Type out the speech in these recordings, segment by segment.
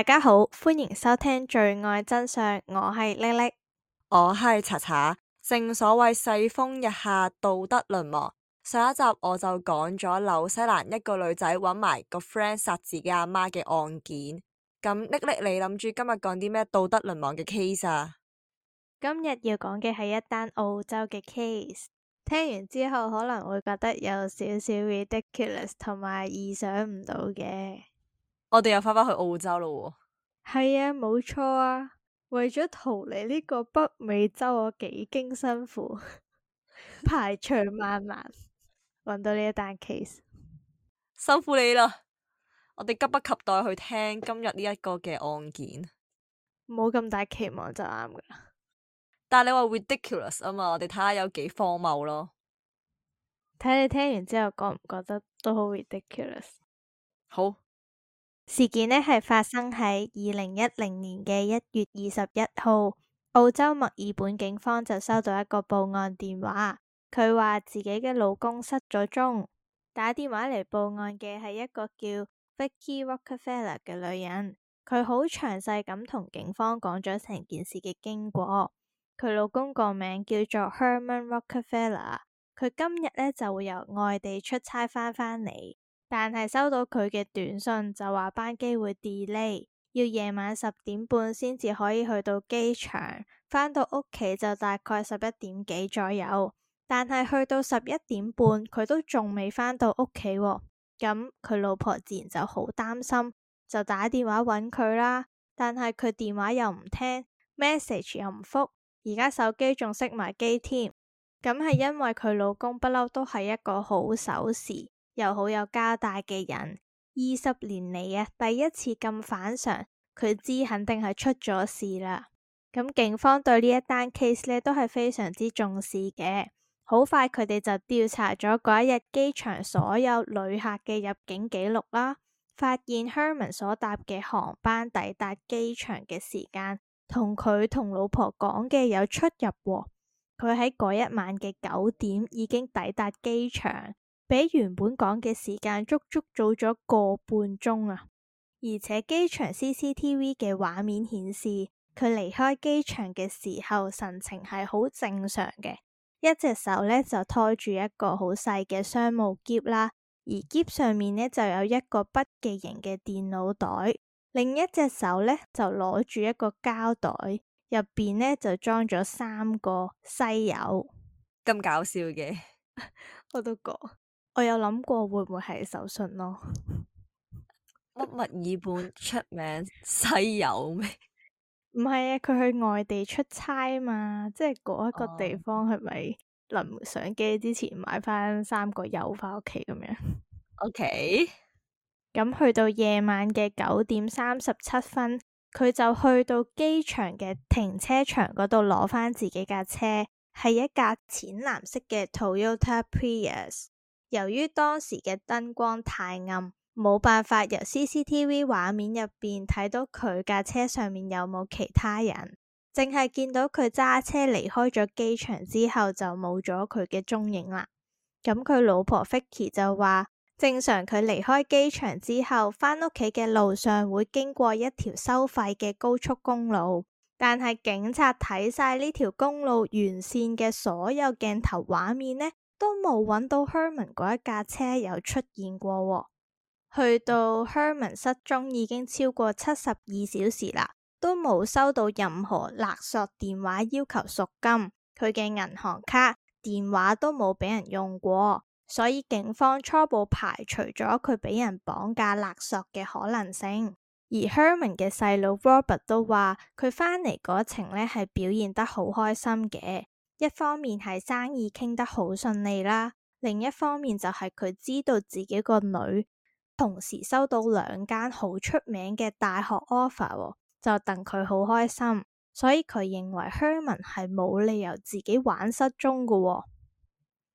大家好，歡迎收聽《罪愛真相》，我戴戴，我係叻叻，我係查查。正所謂世風日下，道德淪亡。上一集我就講咗紐西蘭一個女仔揾埋個 friend 殺自己阿媽嘅案件。咁叻叻，你諗住今日講啲咩道德淪亡嘅 case 啊？今日要講嘅係一單澳洲嘅 case。聽完之後可能會覺得有少少 ridiculous 同埋意想唔到嘅。我哋又翻返去澳洲咯，喎，係啊，冇錯啊。為咗逃離呢個北美洲，我幾經辛苦， 排除萬難，揾到呢一單 case，辛苦你啦。我哋急不及待去聽今日呢一個嘅案件，冇咁大期望就啱噶啦。但係你話 ridiculous 啊嘛，我哋睇下有幾荒謬咯。睇你聽完之後，覺唔覺得都好 ridiculous？好。事件呢係發生喺二零一零年嘅一月二十一號，澳洲墨爾本警方就收到一個報案電話，佢話自己嘅老公失咗蹤。打電話嚟報案嘅係一個叫 Vicky Rockefeller 嘅女人，佢好詳細咁同警方講咗成件事嘅經過。佢老公個名叫做 Herman Rockefeller，佢今日呢就會由外地出差翻返嚟。但係收到佢嘅短信就話班機會 delay，要夜晚十點半先至可以去到機場，返到屋企就大概十一點幾左右。但係去到十一點半，佢都仲未返到屋企喎，咁、嗯、佢老婆自然就好擔心，就打電話揾佢啦。但係佢電話又唔聽，message 又唔復，而家手機仲熄埋機添。咁係因為佢老公不嬲都係一個好守時。又好有交代嘅人，二十年嚟啊，第一次咁反常，佢知肯定係出咗事啦。咁、嗯、警方對呢一單 case 呢都係非常之重視嘅，好快佢哋就調查咗嗰一日機場所有旅客嘅入境記錄啦，發現 Herman 所搭嘅航班抵達機場嘅時間，同佢同老婆講嘅有出入。佢喺嗰一晚嘅九點已經抵達機場。比原本講嘅時間足足早咗個半鐘啊！而且機場 CCTV 嘅畫面顯示，佢離開機場嘅時候神情係好正常嘅，一隻手咧就拖住一個好細嘅商務箧啦，而箧上面呢就有一個筆記型嘅電腦袋，另一隻手咧就攞住一個膠袋，入邊呢就裝咗三個西柚，咁搞笑嘅， 我都覺。我有諗過會唔會係手信咯，乜墨爾本出名西柚咩？唔 係啊，佢去外地出差嘛，即係嗰一個地方係咪臨上機之前買返三個柚返屋企咁樣？O K，咁去到夜晚嘅九點三十七分，佢就去到機場嘅停車場嗰度攞返自己架車，係一架淺藍色嘅 Toyota Prius。由於當時嘅燈光太暗，冇辦法由 CCTV 畫面入邊睇到佢架車上面有冇其他人，淨係見到佢揸車離開咗機場之後就冇咗佢嘅蹤影啦。咁佢老婆 Vicky 就話，正常佢離開機場之後，返屋企嘅路上會經過一條收費嘅高速公路，但係警察睇晒呢條公路沿線嘅所有鏡頭畫面呢？都冇揾到 Herman 嗰一架車有出現過喎。去到 Herman 失蹤已經超過七十二小時啦，都冇收到任何勒索電話，要求贖金。佢嘅銀行卡、電話都冇俾人用過，所以警方初步排除咗佢俾人綁架勒索嘅可能性。而 Herman 嘅細佬 Robert 都話，佢翻嚟嗰程咧，係表現得好開心嘅。一方面係生意傾得好順利啦，另一方面就係佢知道自己個女同時收到兩間好出名嘅大學 offer 喎，就戥佢好開心，所以佢認為 Herman 係冇理由自己玩失蹤嘅喎。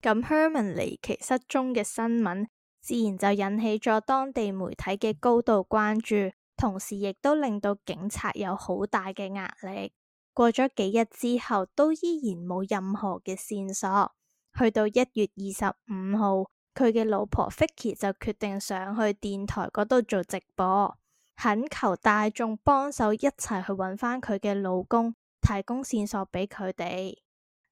咁 Herman 離奇失蹤嘅新聞，自然就引起咗當地媒體嘅高度關注，同時亦都令到警察有好大嘅壓力。過咗幾日之後，都依然冇任何嘅線索。去到一月二十五號，佢嘅老婆 Vicky 就決定上去電台嗰度做直播，懇求大眾幫手一齊去揾返佢嘅老公，提供線索畀佢哋。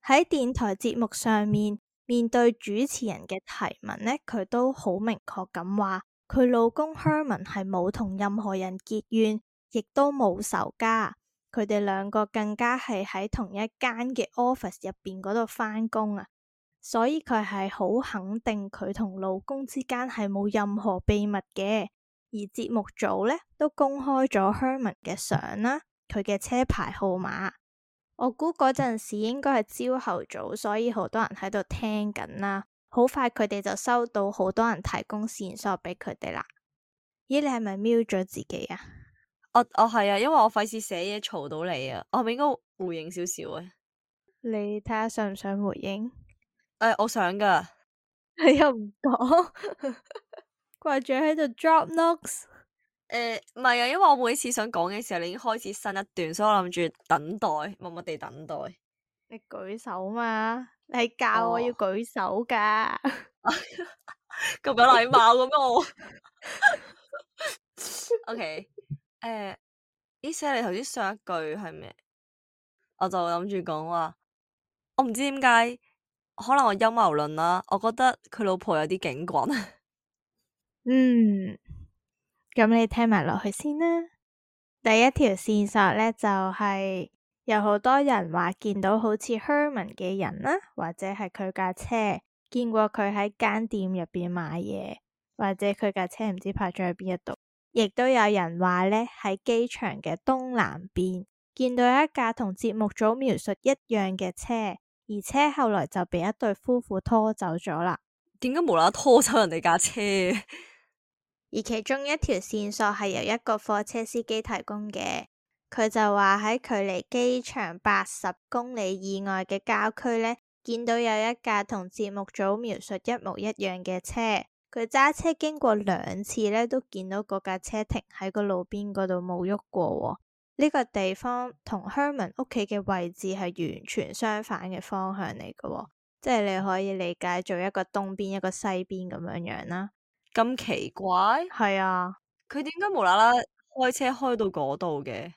喺電台節目上面，面對主持人嘅提問呢，佢都好明確咁話，佢老公 Herman 係冇同任何人結怨，亦都冇仇家。佢哋兩個更加係喺同一間嘅 office 入邊嗰度返工啊，所以佢係好肯定佢同老公之間係冇任何秘密嘅。而節目組呢，都公開咗 Herman 嘅相啦、啊，佢嘅車牌號碼。我估嗰陣時應該係朝頭早，所以好多人喺度聽緊啦、啊。好快佢哋就收到好多人提供線索俾佢哋啦。咦，你係咪瞄咗自己啊？我我係啊、哦，因為我費事寫嘢嘈到你啊，我係咪應該回應少少啊，你睇下想唔想回應？誒、呃，我想噶，你又唔講，掛住喺度 drop notes、呃。誒，唔係啊，因為我每次想講嘅時候，你已經開始新一段，所以我諗住等待，默默地等待。你舉手嘛？你教我要舉手噶，咁、哦、 有禮貌咁我。OK。誒，而且你頭先上一句係咩？我就諗住講話，我唔知點解，可能我陰謀論啦。我覺得佢老婆有啲警覺。嗯，咁你聽埋落去先啦。第一條線索咧就係、是、有好多人話見到好似 Herman 嘅人啦，、啊，或者係佢架車，見過佢喺間店入邊買嘢，或者佢架車唔知泊咗去邊一度。亦都有人話呢，喺機場嘅東南邊見到一架同節目組描述一樣嘅車，而車後來就被一對夫婦拖走咗啦。點解無啦啦拖走人哋架車？而其中一條線索係由一個貨車司機提供嘅，佢就話喺距離機場八十公里以外嘅郊區呢，見到有一架同節目組描述一模一樣嘅車。佢揸車經過兩次咧，都見到嗰架車停喺個路邊嗰度，哦，冇喐過。呢個地方同 Herman 屋企嘅位置係完全相反嘅方向嚟嘅，哦，即係你可以理解做一個東邊一個西邊咁樣樣啦。咁奇怪？係啊，佢點解無啦啦開車開到嗰度嘅？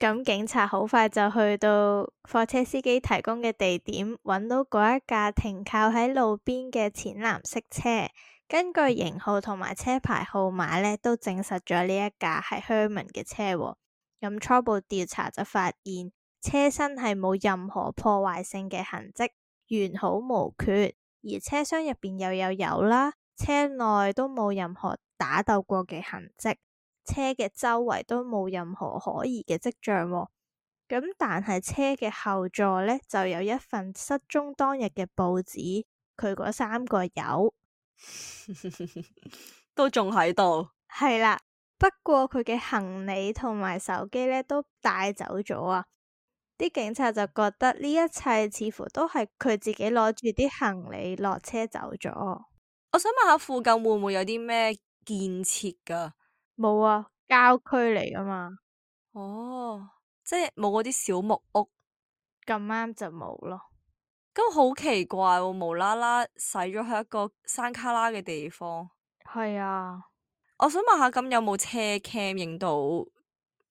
咁警察好快就去到貨車司機提供嘅地點，揾到嗰一架停靠喺路邊嘅淺藍色車。根據型號同埋車牌號碼咧，都證實咗呢一架係 Herman 嘅車喎。咁初步調查就發現，車身係冇任何破壞性嘅痕跡，完好無缺。而車廂入邊又有油啦，車內都冇任何打鬥過嘅痕跡。車嘅周圍都冇任何可疑嘅跡象哦，咁但係車嘅後座呢，就有一份失蹤當日嘅報紙。佢嗰三個友 都仲喺度，係啦。不過佢嘅行李同埋手機呢，都帶走咗啊。啲警察就覺得呢一切似乎都係佢自己攞住啲行李落車走咗。我想問下附近會唔會有啲咩建設噶？冇啊，郊區嚟噶嘛？哦，即係冇嗰啲小木屋，咁啱就冇咯。咁好奇怪喎，哦，無啦啦使咗去一個山卡拉嘅地方。係啊，我想問下，咁有冇車 cam 影到佢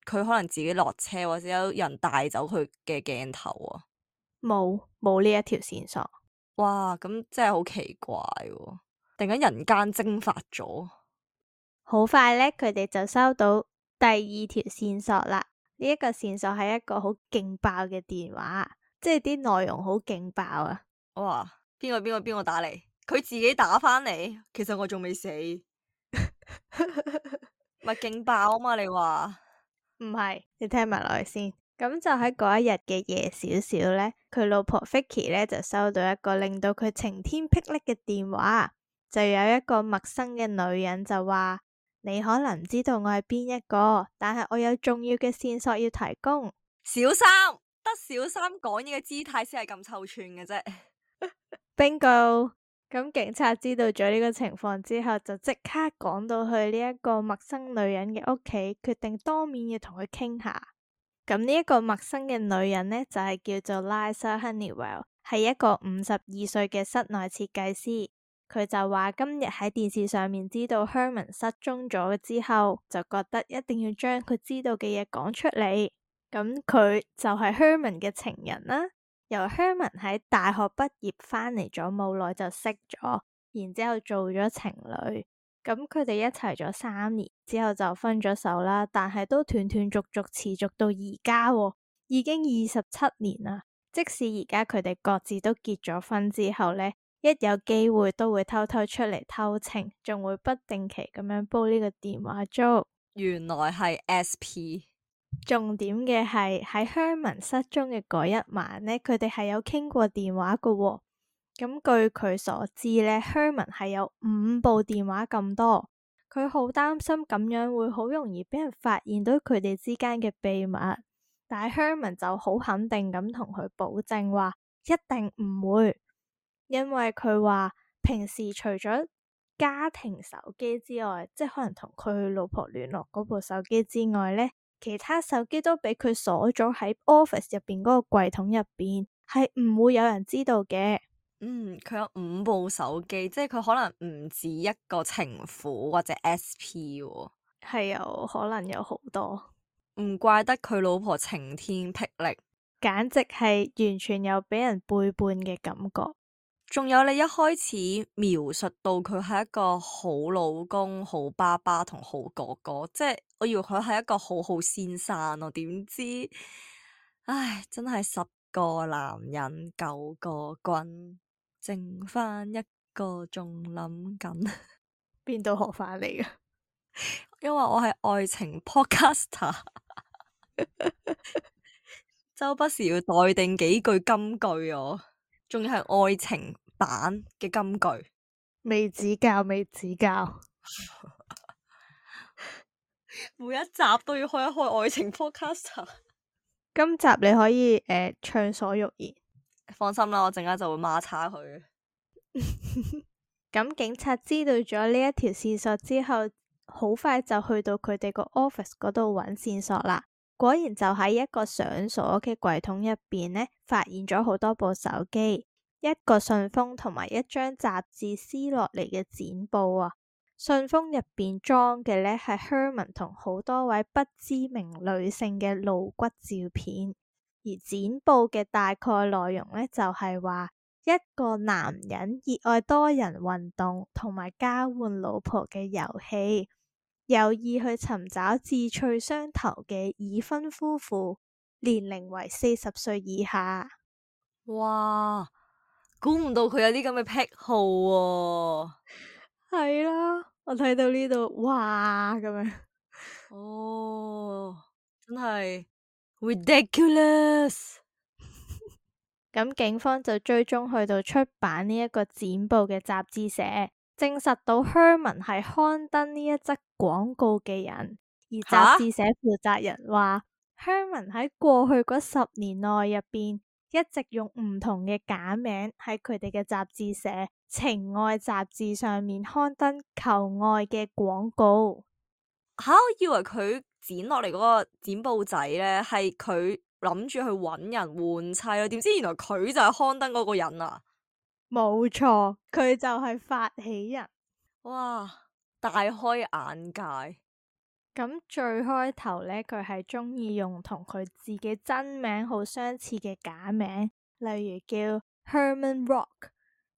可能自己落車，或者有人帶走佢嘅鏡頭啊？冇，冇呢一條線索。哇，咁真係好奇怪，哦，突然間人間蒸發咗。好快咧，佢哋就收到第二條線索啦。呢、這、一個線索係一個好勁爆嘅電話，即係啲內容好勁爆啊！哇，邊個邊個邊個打嚟？佢自己打翻嚟。其實我仲未死，咪 勁 爆啊嘛！你話唔係？你聽埋落去先。咁就喺嗰一日嘅夜少少咧，佢老婆 Vicky 咧就收到一個令到佢晴天霹靂嘅電話，就有一個陌生嘅女人就話。你可能唔知道我係邊一個，但係我有重要嘅線索要提供。小三，得小三講嘢嘅姿態先係咁臭串嘅啫。 Bingo，咁警察知道咗呢個情況之後，就即刻趕到去呢一個陌生女人嘅屋企，決定當面要同佢傾下。咁呢一個陌生嘅女人呢，就係、是、叫做 Liza Honeywell，係一個五十二歲嘅室內設計師。佢就話今日喺電視上面知道 Herman 失蹤咗之後，就覺得一定要將佢知道嘅嘢講出嚟。咁佢就係 Herman 嘅情人啦。由 Herman 喺大學畢業返嚟咗冇耐就識咗，然之後做咗情侶。咁佢哋一齊咗三年之後就分咗手啦，但係都斷斷續續持續到而家喎，已經二十七年啦。即使而家佢哋各自都結咗婚之後咧。一有機會都會偷偷出嚟偷情，仲會不定期咁樣煲呢個電話粥。原來係 SP。重點嘅係喺 Herman 失蹤嘅嗰一晚呢，佢哋係有傾過電話噶、哦。咁據佢所知呢，Herman 係有五部電話咁多，佢好擔心咁樣會好容易俾人發現到佢哋之間嘅秘密。但係 Herman 就好肯定咁同佢保證話，一定唔會。因為佢話平時除咗家庭手機之外，即係可能同佢老婆聯絡嗰部手機之外咧，其他手機都畀佢鎖咗喺 office 入邊嗰個櫃桶入邊，係唔會有人知道嘅。嗯，佢有五部手機，即係佢可能唔止一個情婦或者 SP 喎，係有可能有好多。唔怪得佢老婆晴天霹靂，簡直係完全有畀人背叛嘅感覺。仲有你一開始描述到佢係一個好老公、好爸爸同好哥哥，即係我以為佢係一個好好先生咯，點知，唉，真係十個男人九個滾，剩翻一個仲諗緊邊度學翻嚟噶？因為我係愛情 Podcaster，周 不時要待定幾句金句哦。我仲要係愛情版嘅金句，未指教，未指教， 每一集都要開一開愛情 podcast 今集你可以誒暢、呃、所欲言，放心啦，我陣間就會罵叉佢。咁 警察知道咗呢一條線索之後，好快就去到佢哋個 office 嗰度揾線索啦。果然就喺一個上鎖嘅櫃桶入邊呢，發現咗好多部手機、一個信封同埋一張雜誌撕落嚟嘅剪報啊！信封入邊裝嘅呢係 Herman 同好多位不知名女性嘅露骨照片，而剪報嘅大概內容呢，就係話一個男人熱愛多人運動同埋交換老婆嘅遊戲。有意去尋找志趣相投嘅已婚夫婦，年齡為四十歲以下。哇，估唔到佢有啲咁嘅癖好喎、哦。係啦、 啊，我睇到呢度，哇咁樣， 哦，真係 ridiculous。咁 Rid 警方就追蹤去到出版呢一個剪報嘅雜誌社，證實到 Herman 係刊登呢一則廣告嘅人，而雜誌社負責人話，Herman 喺過去嗰十年內入邊，一直用唔同嘅假名喺佢哋嘅雜誌社《情愛雜誌》上面刊登求愛嘅廣告。吓、啊，我以為佢剪落嚟嗰個剪報仔咧，係佢諗住去揾人換妻咯。點知原來佢就係刊登嗰個人啊！冇錯，佢就係發起人。哇！大開眼界。咁最開頭呢，佢係中意用同佢自己真名好相似嘅假名，例如叫 Herman Rock，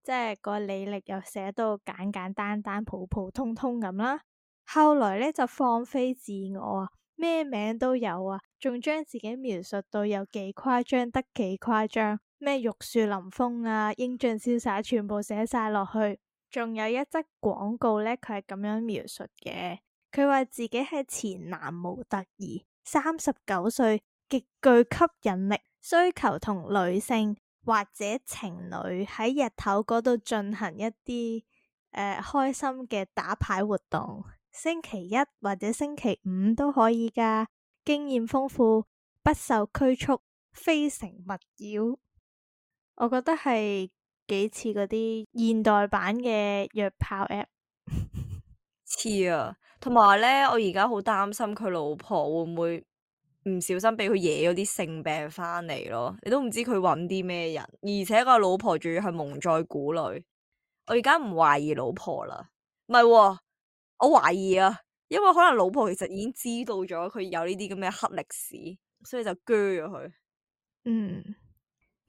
即係個履歷又寫到簡簡單單、普普通通咁啦。後來呢，就放飛自我啊，咩名都有啊，仲將自己描述到有幾誇張得幾誇張，咩玉樹臨風啊、英俊瀟灑，全部寫晒落去。仲有一則廣告呢，佢係咁樣描述嘅。佢話自己係前男模特兒，三十九歲，極具吸引力，需求同女性或者情侶喺日頭嗰度進行一啲誒、呃、開心嘅打牌活動。星期一或者星期五都可以㗎，經驗豐富，不受拘束，非誠勿擾。我覺得係。幾似嗰啲現代版嘅約炮 app，似 啊！同埋咧，我而家好擔心佢老婆會唔會唔小心俾佢惹咗啲性病翻嚟咯？你都唔知佢揾啲咩人，而且個老婆仲要係蒙在鼓裏。我而家唔懷疑老婆啦，唔係、啊，我懷疑啊，因為可能老婆其實已經知道咗佢有呢啲咁嘅黑歷史，所以就鋸咗佢。嗯。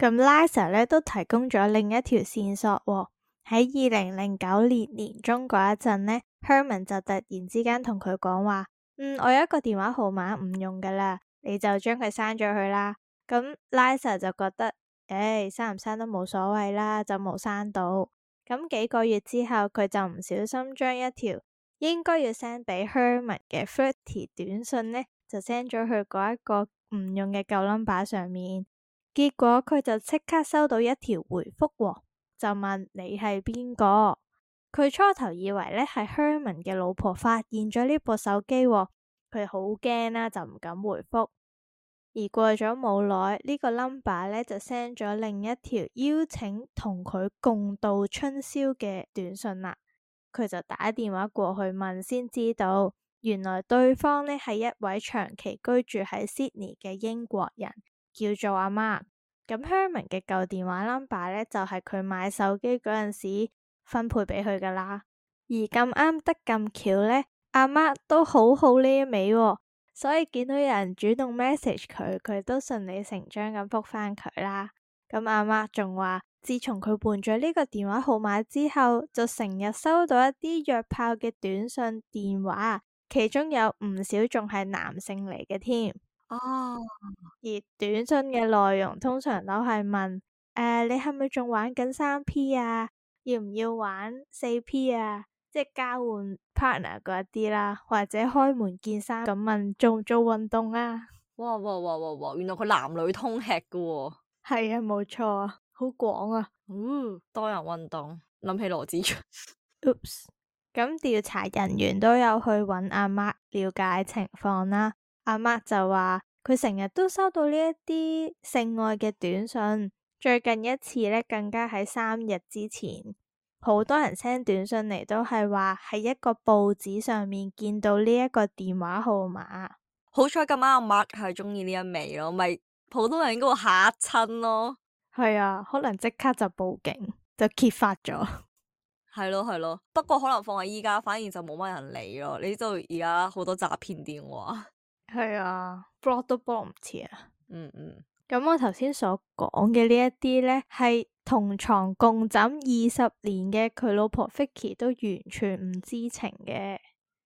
咁 Lisa 咧都提供咗另一條線索喎，哦。喺二零零九年年中嗰一陣咧，Herman 就突然之間同佢講話，嗯，我有一個電話號碼唔用噶啦，你就將佢刪咗佢啦。咁 Lisa 就覺得，唉，哎，刪唔刪都冇所謂啦，就冇刪到。咁幾個月之後，佢就唔小心將一條應該要 send 俾 Herman 嘅 flirty 短信咧，就 send 咗去嗰一個唔用嘅舊 number 上面。結果佢就即刻收到一條回覆、哦，就問你係邊個？佢初頭以為咧係 Herman 嘅老婆發現咗呢部手機、哦，佢好驚啦，就唔敢回覆。而過咗冇耐，這個、呢個 number 呢就 send 咗另一條邀請同佢共度春宵嘅短信啦。佢就打電話過去問，先知道原來對方呢係一位長期居住喺 Sydney 嘅英國人。叫做阿媽，咁 Herman 嘅舊電話 number 呢，就係佢買手機嗰陣時分配俾佢噶啦。而咁啱得咁巧呢，阿媽都好好呢味，所以見到有人主動 message 佢，佢都順理成章咁復返佢啦。咁阿媽仲話，自從佢換咗呢個電話號碼之後，就成日收到一啲約炮嘅短信、電話，其中有唔少仲係男性嚟嘅添。哦，啊、而短信嘅內容通常都係問，誒、呃，你係咪仲玩緊三 P 啊？要唔要玩四 P 啊？即係交換 partner 嗰啲啦，或者開門見山咁問做唔做運動啊？哇哇哇哇哇！原來佢男女通吃噶喎，哦。係啊，冇錯，好廣啊。嗯，多人運動，諗起羅志祥。Oops，咁調查人員都有去揾阿媽了解情況啦。阿媽就話佢成日都收到呢一啲性愛嘅短信，最近一次咧，更加喺三日之前，好多人 send 短信嚟都係話喺一個報紙上面見到呢一個電話號碼。好彩今晚阿媽係中意呢一味咯，咪普通人應該會嚇親咯。係啊，可能即刻就報警，就揭發咗。係咯係咯，不過可能放喺依家反而就冇乜人理咯。呢度而家好多詐騙電話。係啊 blog 都 blog 唔切啊。嗯嗯。咁我頭先所講嘅呢一啲咧，係同床共枕二十年嘅佢老婆 Vicky 都完全唔知情嘅。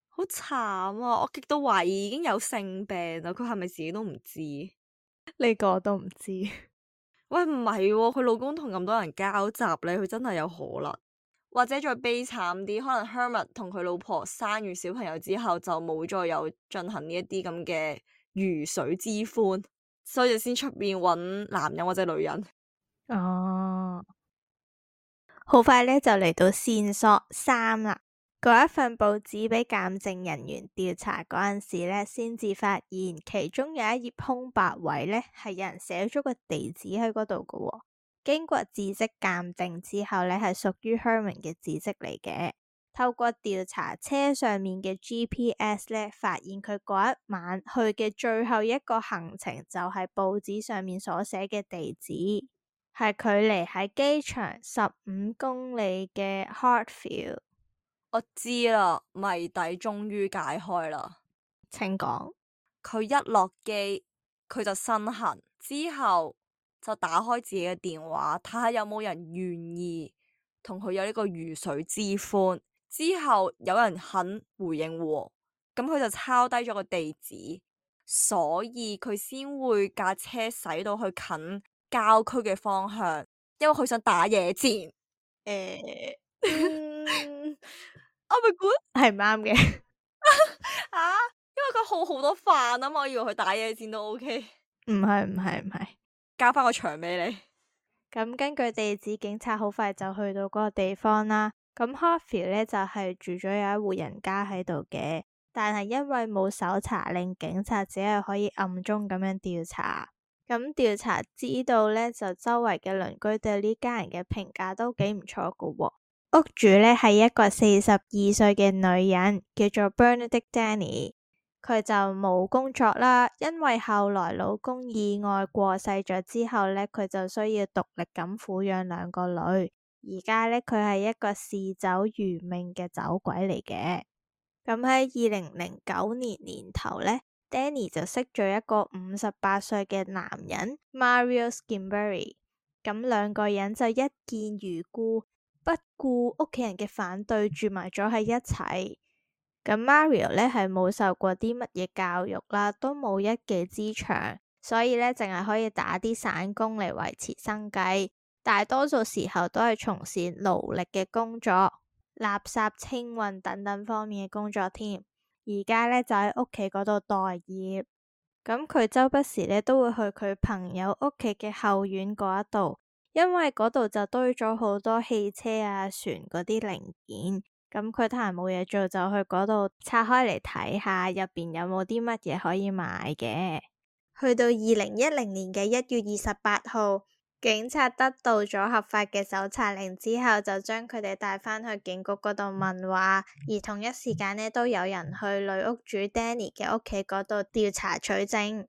好慘啊！我極都懷疑已經有性病啦。佢係咪自己都唔知？呢 個都唔知。 喂，唔係、啊，佢老公同咁多人交集咧，佢真係有可能。或者再悲慘啲，可能 Herman 同佢老婆生完小朋友之後就冇再有進行呢一啲咁嘅魚水之歡，所以就先出面揾男人或者女人。哦，好快咧就嚟到線索三啦！嗰一份報紙畀鑑證人員調查嗰陣時咧，先至發現其中有一頁空白位咧，係有人寫咗個地址喺嗰度噶。經過字跡鑑定之後呢，呢係屬於 Herman 嘅字跡嚟嘅。透過調查車上面嘅 GPS 呢，發現佢嗰一晚去嘅最後一個行程就係報紙上面所寫嘅地址，係距離喺機場十五公里嘅 Hartfield。我知啦，謎底終於解開啦。請講，佢一落機，佢就身痕之後。就打開自己嘅電話，睇下有冇人願意同佢有呢個魚水之歡。之後有人肯回應喎，咁佢就抄低咗個地址，所以佢先會架車駛到去近郊區嘅方向，因為佢想打野戰。誒、欸，我咪估係唔啱嘅，啊，因為佢好好多飯啊嘛，我以為佢打野戰都 OK。唔係唔係唔係。交返個場畀你。咁根據地址，警察好快就去到嗰個地方啦。咁 Hoffie 呢就係、是、住咗有一戶人家喺度嘅，但係因為冇搜查令，警察只係可以暗中咁樣調查。咁調查知道呢，就周圍嘅鄰居對呢家人嘅評價都幾唔錯噶。屋主呢係一個四十二歲嘅女人，叫做 Bernadette Danny。佢就冇工作啦，因為後來老公意外過世咗之後咧，佢就需要獨力咁撫養兩個女。而家咧，佢係一個嗜酒如命嘅酒鬼嚟嘅。咁喺二零零九年年頭咧，Danny 就識咗一個五十八歲嘅男人，Mario Skimberry。咁兩個人就一見如故，不顧屋企人嘅反對住，住埋咗喺一齊。咁 Mario 呢係冇受過啲乜嘢教育啦，都冇一技之長，所以呢淨係可以打啲散工嚟維持生計，大多數時候都係從事勞力嘅工作、垃圾清運等等方面嘅工作添。而家呢就喺屋企嗰度待業，咁佢周不時呢都會去佢朋友屋企嘅後院嗰一度，因為嗰度就堆咗好多汽車啊、船嗰啲零件。咁佢得閒冇嘢做，就去嗰度拆開嚟睇下，入邊有冇啲乜嘢可以買嘅。去到二零一零年嘅一月二十八號，警察得到咗合法嘅搜查令之後，就將佢哋帶返去警局嗰度問話，而同一時間呢，都有人去女屋主 Danny 嘅屋企嗰度調查取證。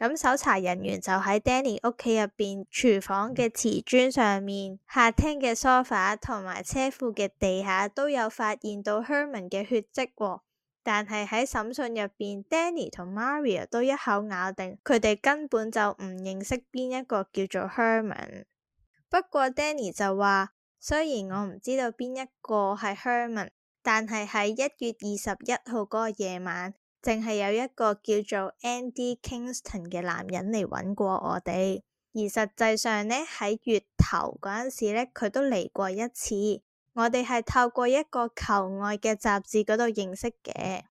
咁搜查人員就喺 Danny 屋企入邊廚房嘅瓷磚上面、客廳嘅 sofa 同埋車庫嘅地下都有發現到 Herman 嘅血跡喎，但係喺審訊入邊，Danny 同 Maria 都一口咬定佢哋根本就唔認識邊一個叫做 Herman。不過 Danny 就話，雖然我唔知道邊一個係 Herman，但係喺一月二十一號嗰個夜晚，淨係有一個叫做 Andy Kingston 嘅男人嚟揾過我哋，而實際上呢，喺月頭嗰陣時咧，佢都嚟過一次。我哋係透過一個求愛嘅雜誌嗰度認識嘅。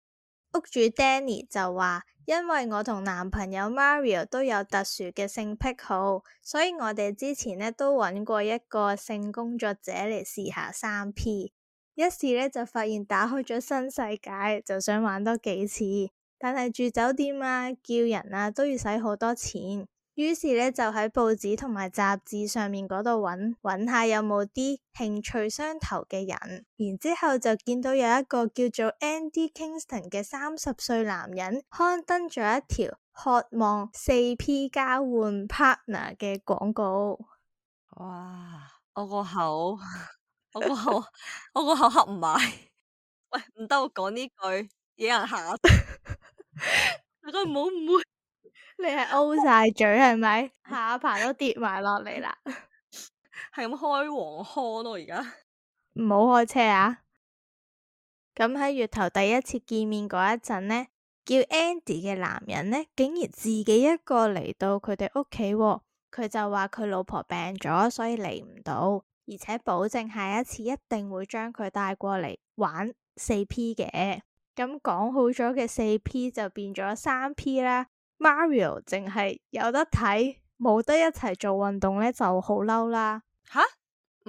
屋主 Danny 就話，因為我同男朋友 Mario 都有特殊嘅性癖好，所以我哋之前呢都揾過一個性工作者嚟試下三 P。一試咧就發現打開咗新世界，就想玩多幾次。但係住酒店啊，叫人啊都要使好多錢，於是咧就喺報紙同埋雜誌上面嗰度揾揾下有冇啲興趣相投嘅人。然之後就見到有一個叫做 Andy Kingston 嘅三十歲男人刊登咗一條渴望四 P 交換 partner 嘅廣告。哇！我個口～ 我個口，我個口合唔埋。喂，唔得，我講呢句惹人吓。大家唔好唔好誤會，你係勾晒嘴係咪？下巴都跌埋落嚟啦，係咁 開黃腔咯而家。唔好開車啊！咁喺月頭第一次見面嗰一陣呢，叫 Andy 嘅男人呢，竟然自己一個嚟到佢哋屋企喎，佢就話佢老婆病咗，所以嚟唔到。而且保證下一次一定會將佢帶過嚟玩四 P 嘅，咁講好咗嘅四 P 就變咗三 P 啦。Mario 淨係有得睇，冇得一齊做運動咧，就好嬲啦。吓，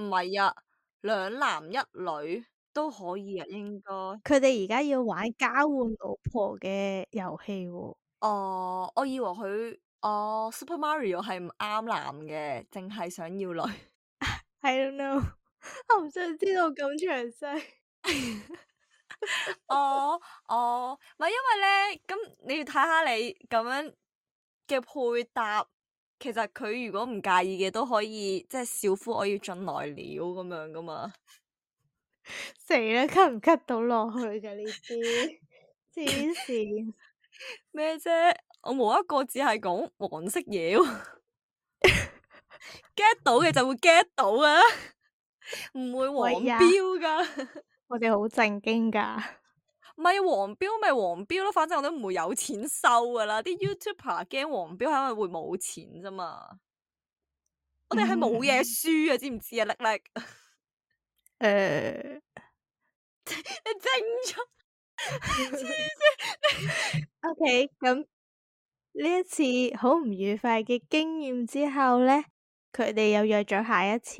唔係啊，兩男一女都可以啊，應該。佢哋而家要玩交換老婆嘅遊戲喎。哦。哦，呃，我以為佢，哦，呃、Super Mario 係唔啱，男嘅，淨係想要女。I don't know 我唔想知道咁詳細。我我咪因為咧，咁你要睇下你咁樣嘅配搭，其實佢如果唔介意嘅都可以，即係少夫我要進來了咁樣噶嘛。死啦，cut 唔 cut 到落去嘅 呢啲？黐線咩啫？我冇一個只係講黃色嘢。 get 到嘅就會 get 到啊，唔 會黃標噶。呀 我哋好正經噶，咪黃標咪黃標咯。反正我都唔會有錢收噶啦。啲 YouTuber 驚黃標係因為會冇錢啫嘛。嗯、我哋係冇嘢輸啊，知唔知啊？叻叻、嗯，誒、 呃，你清楚？OK，咁呢一次好唔愉快嘅經驗之後咧。佢哋又約咗下一次，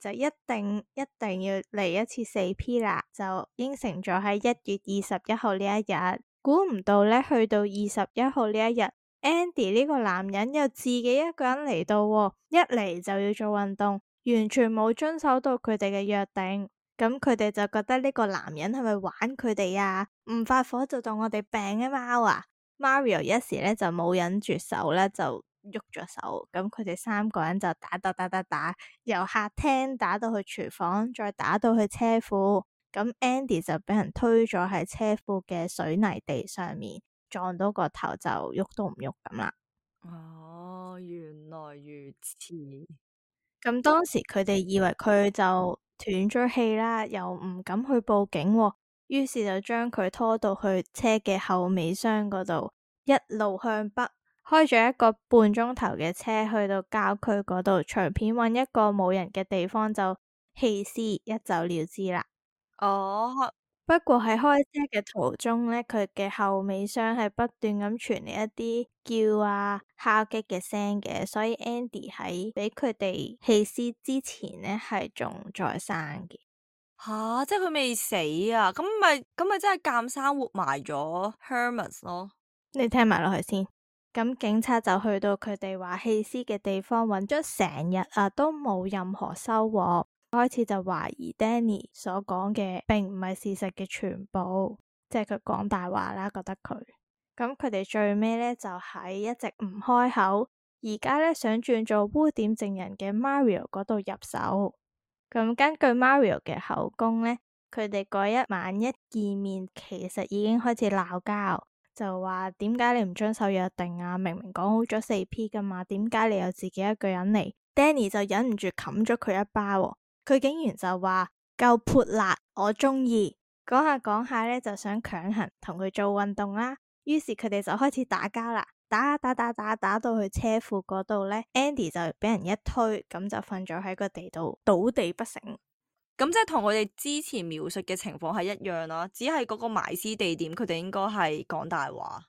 就一定一定要嚟一次四 P 啦，就應承咗喺一月二十一號呢一日。估唔到咧，去到二十一號呢一日，Andy 呢個男人又自己一個人嚟到，啊，一嚟就要做運動，完全冇遵守到佢哋嘅約定。咁佢哋就覺得呢個男人係咪玩佢哋啊？唔發火就當我哋病啊貓啊，Mario 一時咧就冇忍住手咧就。喐咗手，咁佢哋三個人就打打打打打，由客廳打到去廚房，再打到去車庫，咁 Andy 就俾人推咗喺車庫嘅水泥地上面，撞到個頭就喐都唔喐咁啦。哦，原來如此。咁當時佢哋以為佢就斷咗氣啦，又唔敢去報警，於是就將佢拖到去車嘅後尾箱嗰度，一路向北。開咗一個半鐘頭嘅車去到郊區嗰度，隨便揾一個冇人嘅地方就棄屍，一走了之啦。哦，oh. 不過喺開車嘅途中咧，佢嘅後尾箱係不斷咁傳嚟一啲叫啊、敲擊嘅嘅聲嘅，所以 Andy 喺俾佢哋棄屍之前咧係仲在生嘅。吓，即係佢未死啊？咁咪咁咪真係鑒生活埋咗 Herman 咯？你聽埋落去先。咁警察就去到佢哋話棄屍嘅地方，揾咗成日啊，都冇任何收穫。開始就懷疑 Danny 所講嘅，並唔係事實嘅全部，即係佢講大話啦。覺得佢。咁佢哋最尾咧就喺一直唔開口，而家咧想轉做污點證人嘅 Mario 嗰度入手。咁根據 Mario 嘅口供咧，佢哋嗰一晚一見面，其實已經開始鬧交。就話點解你唔遵守約定啊？明明講好咗四 P 噶嘛，點解你又自己一個人嚟？Danny 就忍唔住冚咗佢一巴、哦，佢竟然就話夠潑辣，我中意講下講下咧，就想強行同佢做運動啦。於是佢哋就開始打交啦，打打打打打，打到去車庫嗰度咧，Andy 就俾人一推，咁就瞓咗喺個地度倒地不醒。咁即係同我哋之前描述嘅情況係一樣啦，只係嗰個埋屍地點，佢哋應該係講大話，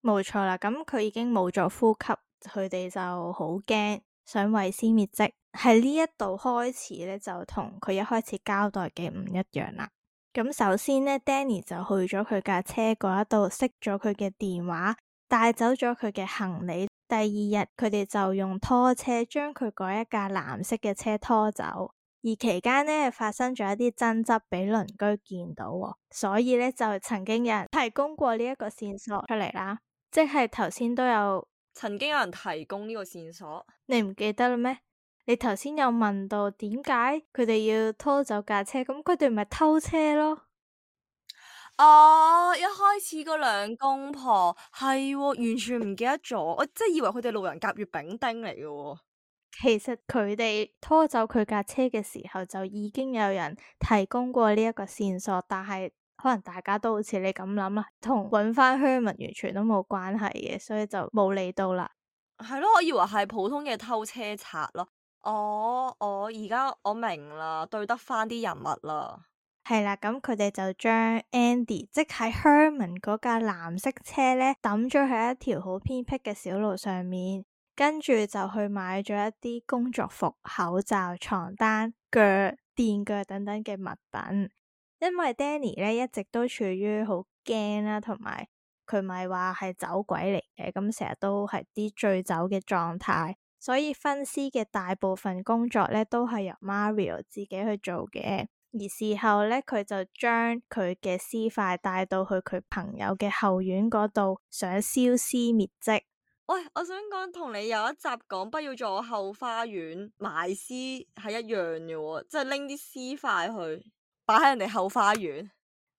冇錯啦。咁佢已經冇咗呼吸，佢哋就好驚，想毀屍滅跡。喺呢一度開始咧，就同佢一開始交代嘅唔一樣啦。咁首先咧 ，Danny 就去咗佢架車嗰一度，熄咗佢嘅電話，帶走咗佢嘅行李。第二日，佢哋就用拖車將佢嗰一架藍色嘅車拖走。而期間呢，發生咗一啲爭執，畀鄰居見到喎，所以呢，就曾經有人提供過呢一個線索出嚟啦，即係頭先都有曾經有人提供呢個線索，你唔記得啦咩？你頭先有問到點解佢哋要拖走架車，咁佢哋咪偷車咯？哦、啊，一開始嗰兩公婆係完全唔記得咗，我真係以為佢哋路人甲乙丙丁嚟嘅喎。其實佢哋拖走佢架車嘅時候就已經有人提供過呢一個線索，但係可能大家都好似你咁諗啦，同揾翻 Herman 完全都冇關係嘅，所以就冇理到啦。係咯，我以為係普通嘅偷車賊咯。哦，我而家我明啦，對得翻啲人物啦。係啦，咁佢哋就將 Andy 即係 Herman 嗰架藍色車咧，抌咗喺一條好偏僻嘅小路上面。跟住就去買咗一啲工作服、口罩、床單、腳墊、電腳等等嘅物品。因為 Danny 咧一直都處於好驚啦，同埋佢咪話係酒鬼嚟嘅，咁成日都係啲醉酒嘅狀態，所以分屍嘅大部分工作咧都係由 Mario 自己去做嘅。而事後咧，佢就將佢嘅屍塊帶到去佢朋友嘅後院嗰度，想消屍滅跡。喂，我想講同你有一集講不要做後花園埋屍係一樣嘅喎，即係拎啲屍塊去擺喺人哋後花園。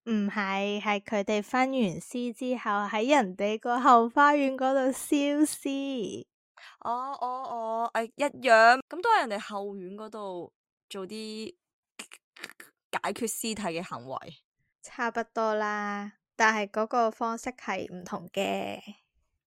唔係，係佢哋分完屍之後喺人哋個後花園嗰度燒屍。哦哦哦，誒、哎，一樣咁都係人哋後院嗰度做啲解決屍體嘅行為。差不多啦，但係嗰個方式係唔同嘅。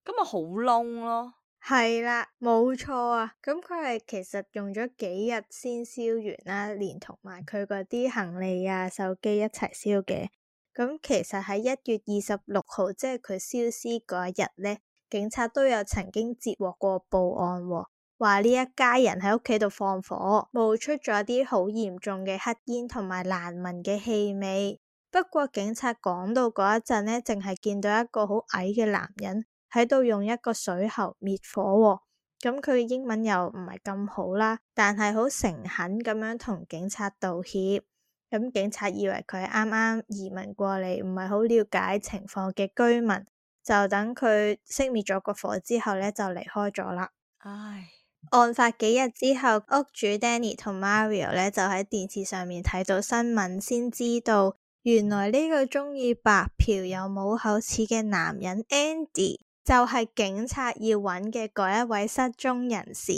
咁咪好窿咯，係啦，冇錯啊。咁佢係其實用咗幾日先燒完啦，連同埋佢嗰啲行李啊、手機一齊燒嘅。咁、嗯、其實喺一月二十六號，即係佢消失嗰日呢，警察都有曾經接獲過報案、哦，話呢一家人喺屋企度放火，冒出咗啲好嚴重嘅黑煙同埋難聞嘅氣味。不過警察講到嗰一陣呢，淨係見到一個好矮嘅男人。喺度用一個水喉滅火喎、哦，咁佢英文又唔係咁好啦，但係好誠懇咁樣同警察道歉。咁警察以為佢啱啱移民過嚟，唔係好了解情況嘅居民，就等佢熄滅咗個火之後呢，就離開咗啦。唉，案發幾日之後，屋主 Danny 同 Mario 呢，就喺電視上面睇到新聞，先知道原來呢個鍾意白嫖又冇口齒嘅男人 Andy。就係警察要揾嘅嗰一位失蹤人士，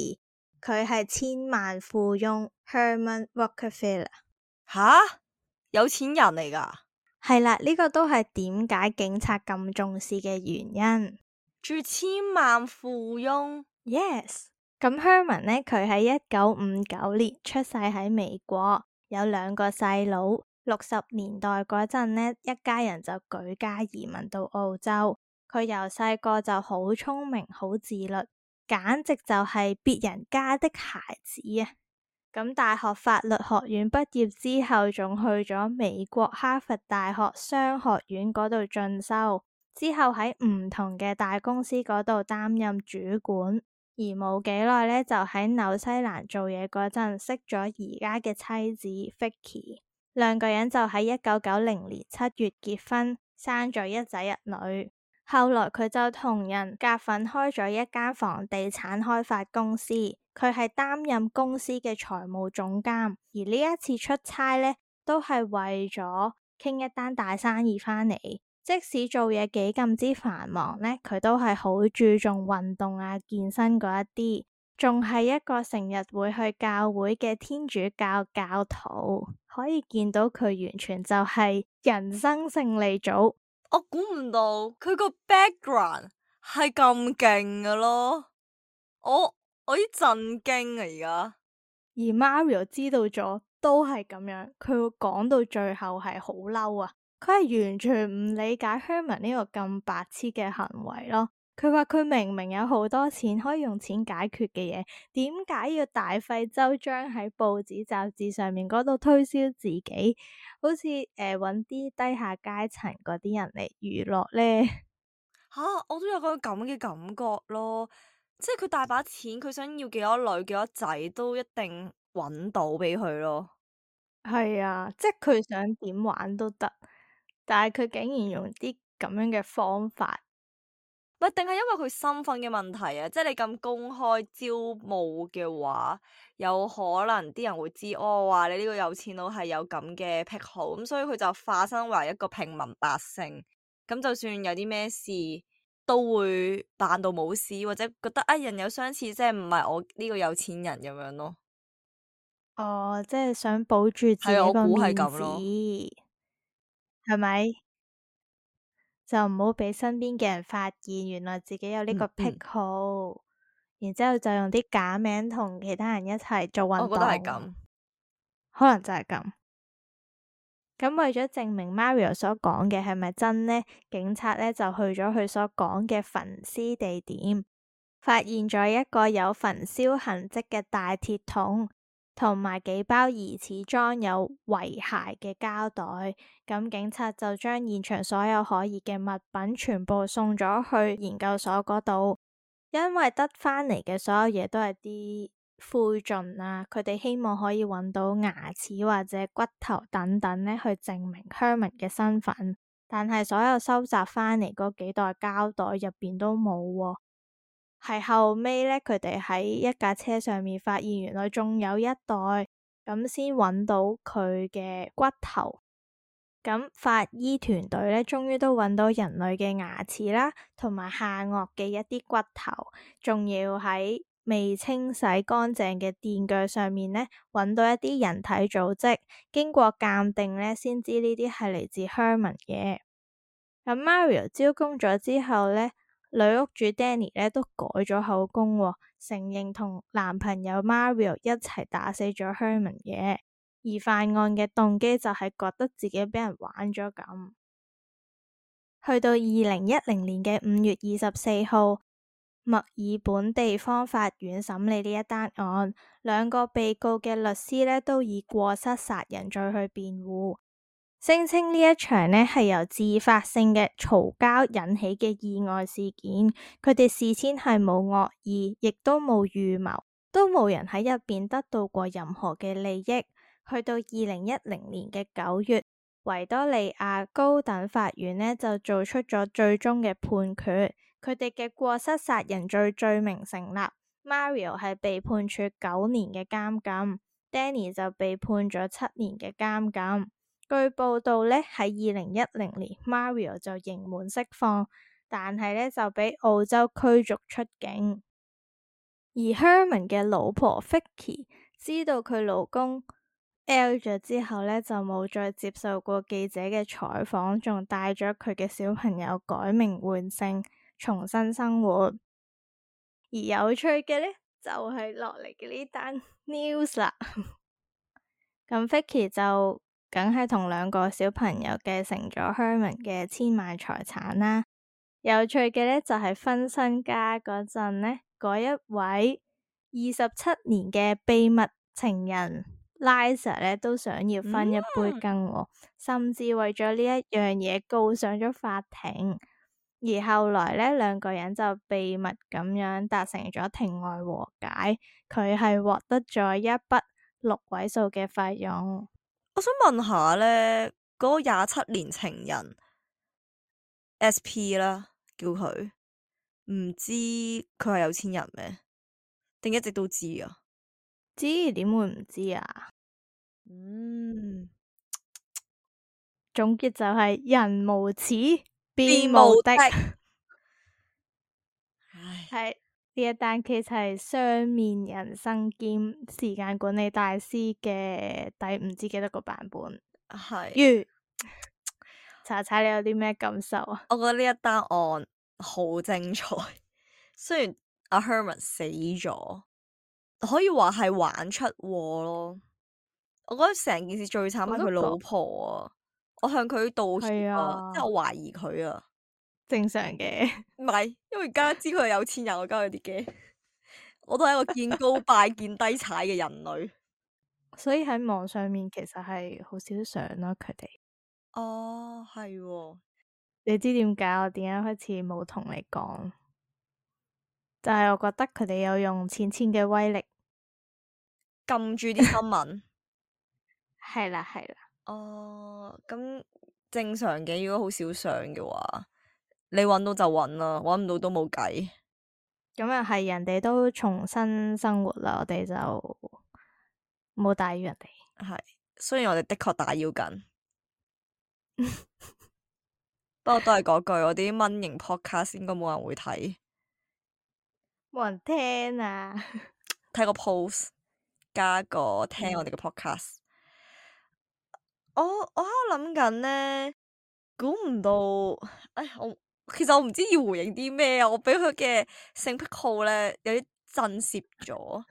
佢係千萬富翁 Herman Rockefeller。吓，有錢人嚟噶？係啦，呢個都係點解警察咁重視嘅原因。住千萬富翁。Yes，咁 Herman 咧，佢喺一九五九年出世喺美國，有兩個細佬。六十年代嗰陣咧，一家人就舉家移民到澳洲。佢由細個就好聰明，好自律，簡直就係別人家的孩子啊！咁大學法律學院畢業之後，仲去咗美國哈佛大學商學院嗰度進修，之後喺唔同嘅大公司嗰度擔任主管，而冇幾耐呢，就喺紐西蘭做嘢嗰陣識咗而家嘅妻子 Vicky。兩個人就喺一九九零年七月結婚，生咗一仔一女。後來佢就同人夾份開咗一間房地產開發公司，佢係擔任公司嘅財務總監。而呢一次出差呢，都係為咗傾一單大生意翻嚟。即使做嘢幾咁之繁忙咧，佢都係好注重運動啊、健身嗰一啲，仲係一個成日會去教會嘅天主教教徒。可以見到佢完全就係人生勝利組。我估唔到佢個 background 係咁勁㗎咯，我我啲震驚啊而家，而 Mario 知道咗都係咁樣，佢會講到最後係好嬲啊，佢係完全唔理解 Herman 呢個咁白痴嘅行為咯。佢話佢明明有好多錢可以用錢解決嘅嘢，點解要大費周章喺報紙雜誌上面嗰度推銷自己？好似誒，搵、呃、啲低下階層嗰啲人嚟娛樂咧。吓、啊，我都有個咁嘅感覺咯，即係佢大把錢，佢想要幾多女幾多仔都一定搵到俾佢咯。係啊，即係佢想點玩都得，但係佢竟然用啲咁樣嘅方法。唔係，定係因為佢身份嘅問題啊！即係你咁公開招募嘅話，有可能啲人會知，哦，話你呢個有錢佬係有咁嘅癖好，咁所以佢就化身為一個平民百姓。咁就算有啲咩事，都會扮到冇事，或者覺得啊、哎、人有相似，即係唔係我呢個有錢人咁樣咯。哦，即係想保住自己嘅面子，我估係咁咯，係咪？就唔好畀身邊嘅人發現，原來自己有呢個癖好，嗯嗯、然之後就用啲假名同其他人一齊做運動，可能就係咁。咁為咗證明 Mario 所講嘅係咪真呢，警察呢就去咗佢所講嘅焚屍地點，發現咗一個有焚燒痕跡嘅大鐵桶。同埋幾包疑似裝有遺骸嘅膠袋，咁警察就將現場所有可疑嘅物品全部送咗去研究所嗰度。因為得返嚟嘅所有嘢都係啲灰燼啊，佢哋希望可以揾到牙齒或者骨頭等等呢，去證明 Herman 嘅身份。但係所有收集返嚟嗰幾袋膠袋入邊都冇喎、啊。係後尾咧，佢哋喺一架車上面發現，原來仲有一袋咁先揾到佢嘅骨頭。咁法醫團隊咧，終於都揾到人類嘅牙齒啦，同埋下顎嘅一啲骨頭，仲要喺未清洗乾淨嘅電鋸上面咧，揾到一啲人體組織。經過鑒定咧，先知呢啲係嚟自 Herman 嘅。咁 Mario 招供咗之後咧。女屋主 Danny 咧，都改咗口供，哦，承認同男朋友 Mario 一齊打死咗 Herman 嘅。而犯案嘅動機就係覺得自己俾人玩咗咁。去到二零一零年嘅五月二十四號，墨爾本地方法院審理呢一單案，兩個被告嘅律師咧都以過失殺人罪去辯護。聲稱呢一場呢係由自發性嘅嘈交引起嘅意外事件，佢哋事先係冇惡意，亦都冇預謀，都冇人喺入邊得到過任何嘅利益。去到二零一零年嘅九月，維多利亞高等法院呢就做出咗最終嘅判決，佢哋嘅過失殺人罪罪名成立，Mario 係被判處九年嘅監禁，Danny 就被判咗七年嘅監禁。據報道呢，喺二零一零年，Mario 就刑滿釋放，但係呢就畀澳洲驅逐出境。而 Herman 嘅老婆 Vicky 知道佢老公 L 咗之後呢，就冇再接受過記者嘅採訪，仲帶咗佢嘅小朋友改名換姓，重新生活。而有趣嘅呢，就係落嚟嘅呢單 news 啦。咁 Vicky 就。梗係同兩個小朋友繼承咗 Herman 嘅千萬財產啦。有趣嘅咧，就係分身家嗰陣咧，嗰一位二十七年嘅秘密情人 Liza 咧，都想要分一杯羹喎，甚至為咗呢一樣嘢告上咗法庭。而後來咧，兩個人就秘密咁樣達成咗庭外和解，佢係獲得咗一筆六位數嘅費用。我想問下咧，嗰廿七年情人 S.P 啦，叫佢唔知佢係有錢人咩？定一直都知啊？知點會唔知啊？嗯，總結就係人無恥，必無敵。係無。 唉呢一單其實係雙面人生兼時間管理大師嘅第五、唔知幾多個版本。係是。如、呃、查查你有啲咩感受啊？我覺得呢一單案好精彩， 雖然阿 Herman 死咗，可以話係玩出禍咯。我覺得成件事最慘係佢老婆啊！我，我向佢道歉啊，即係我懷疑佢啊。正常嘅，唔係，因為而家知佢係有錢人，我而家有啲驚， 我都係一個見高拜、見低踩嘅人類， 所以喺網上面其實係好少上咯。佢哋哦係，哦你知點解我點解開始冇同你講？就係、是、我覺得佢哋有用錢錢嘅威力撳住啲新聞，係啦係啦。啦哦，咁正常嘅，如果好少上嘅話。你揾到就揾啦，啊，揾唔到都冇計。咁又係，人哋都重新生活啦，我哋就冇打擾人哋。係，雖然我哋的確打擾緊，不過都係嗰句，我啲蚊型 podcast 應該冇人會睇，冇人聽啊！睇 個 post，加個聽我哋嘅 podcast，嗯。我我喺度諗緊呢，估唔到，哎我。其實我唔知要回應啲咩啊，我俾佢嘅性癖號咧有啲震懾咗，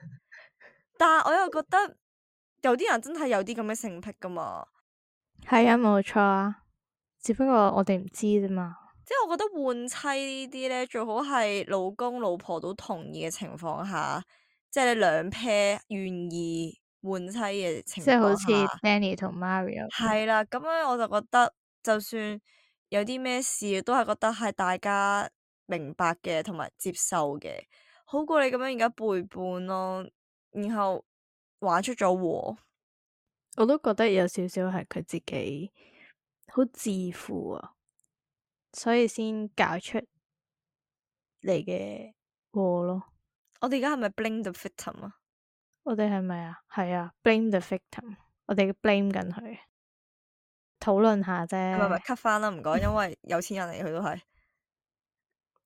但係我又覺得有啲人真係有啲咁嘅性癖噶嘛，係啊冇錯啊，只不過我哋唔知啫嘛。即係我覺得換妻呢啲咧，最好係老公老婆都同意嘅情況下，即係你兩 pair 願意換妻嘅情況下。即係好似 Danny 同 Mario。係啦、啊，咁樣我就覺得就算。有啲咩事都係覺得係大家明白嘅、同埋接受嘅，好過你咁樣而家背叛咯，然後玩出咗禍。我都覺得有少少係佢自己好自負啊，所以先搞出嚟嘅禍咯。我哋而家係咪 blame the victim 啊？我哋係咪啊？係啊，blame the victim。我哋 blame 緊佢。討論下啫，唔係唔係 cut 翻啦，唔該，因為有錢人嚟，佢都係，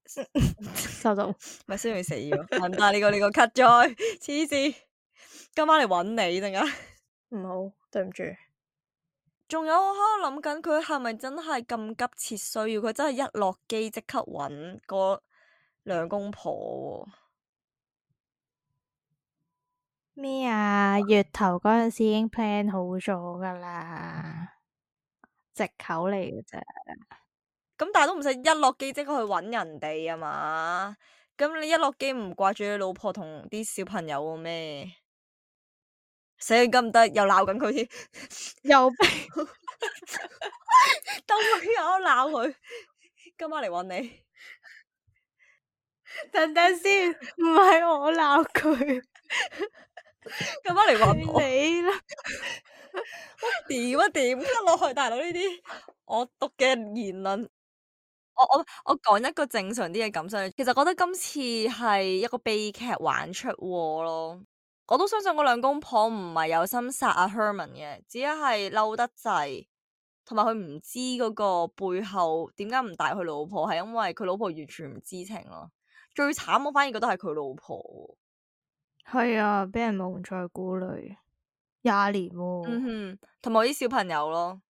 收到藏，唔咪先要死要，唔下呢個呢個 cut 咗，黐線，今晚嚟揾你定啊？唔好，對唔住，仲有我喺度諗緊，佢係咪真係咁急切需要？佢真係一落機即刻揾個兩公婆咩啊？月頭嗰陣時已經 plan 好咗噶啦。借口嚟嘅啫，咁但係都唔使一落機即刻去揾人哋啊嘛，咁你一落機唔掛住你老婆同啲小朋友咩？死咁得唔得？又鬧緊佢添，又 都係我鬧佢，今晚嚟揾你，等等先，唔係我鬧佢， 今晚嚟揾你啦。我 點啊點，得落去大佬呢啲，我讀嘅言論，我我我講一個正常啲嘅感受。其實覺得今次係一個悲劇玩出禍咯。我都相信我兩公婆唔係有心殺阿 Herman 嘅，只係嬲得滯，同埋佢唔知嗰個背後點解唔帶佢老婆，係因為佢老婆完全唔知情咯。最慘我反而覺得係佢老婆，係啊，俾人蒙在鼓裏。廿年喎，哦，嗯哼，同埋啲小朋友咯，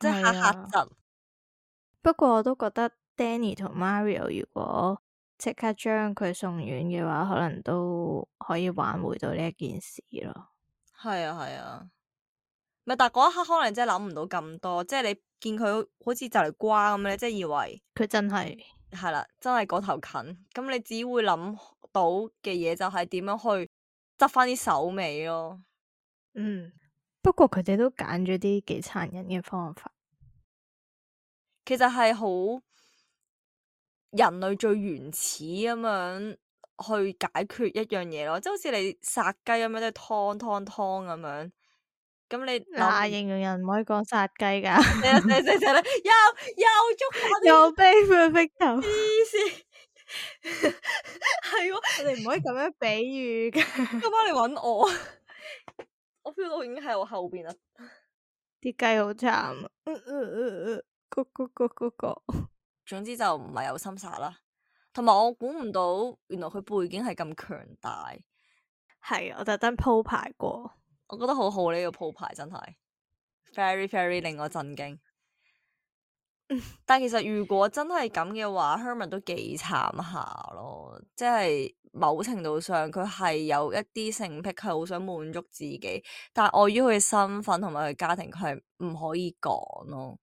即係吓吓窒。啊，不過我都覺得 Danny 同 Mario 如果即刻將佢送院嘅話，可能都可以挽回到呢一件事咯。係啊，係啊。咪但係嗰一刻可能真係諗唔到咁多，即係你見佢好似就嚟瓜咁咧，即係以為佢真係係啦，真係嗰頭近。咁你只會諗到嘅嘢就係點樣去執翻啲手尾咯。嗯，不過佢哋都揀咗啲幾殘忍嘅方法，其實係好人類最原始咁樣去解決一樣嘢咯，即係好似你殺雞咁樣，即係湯湯湯咁樣。咁你嗱，形容、啊、人唔可以講殺雞噶，又又捉又飛飛頭，意思，係我哋唔可以咁樣比喻噶。 今晚你來揾我我 feel 到已經喺我後邊啦，啲雞好慘，嗯嗯嗯嗯，嗰嗰嗰嗰個，總之就唔係有心殺啦。同埋我估唔到，原來佢背景係咁強大。係啊，我特登鋪排過，我覺得好好呢個鋪排，真係 very very 令我震驚。但其實如果真係咁嘅話，Herman 都幾慘下咯，即係某程度上佢係有一啲性癖，係好想滿足自己，但係礙於佢嘅身份同埋佢家庭，佢係唔可以講咯。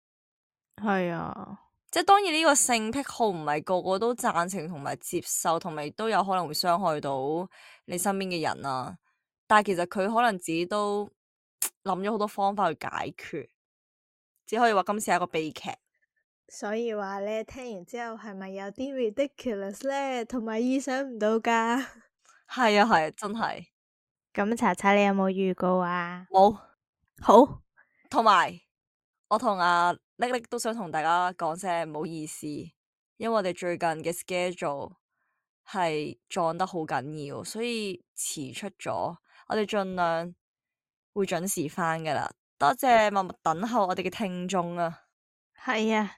係啊，即係當然呢個性癖好唔係個個都贊成同埋接受，同埋都有可能會傷害到你身邊嘅人啊。但係其實佢可能自己都諗咗好多方法去解決，只可以話今次係一個悲劇。所以話咧，聽完之後係咪有啲 ridiculous 咧，同埋意想唔到噶？係啊，係啊，真係。咁查查你有冇預告啊？冇有。好。同埋，我同阿叻叻都想同大家講聲唔好意思，因為我哋最近嘅 schedule 係撞得好緊要，所以遲出咗。我哋盡量會準時翻噶啦。多謝默默等候我哋嘅聽眾啊！係啊。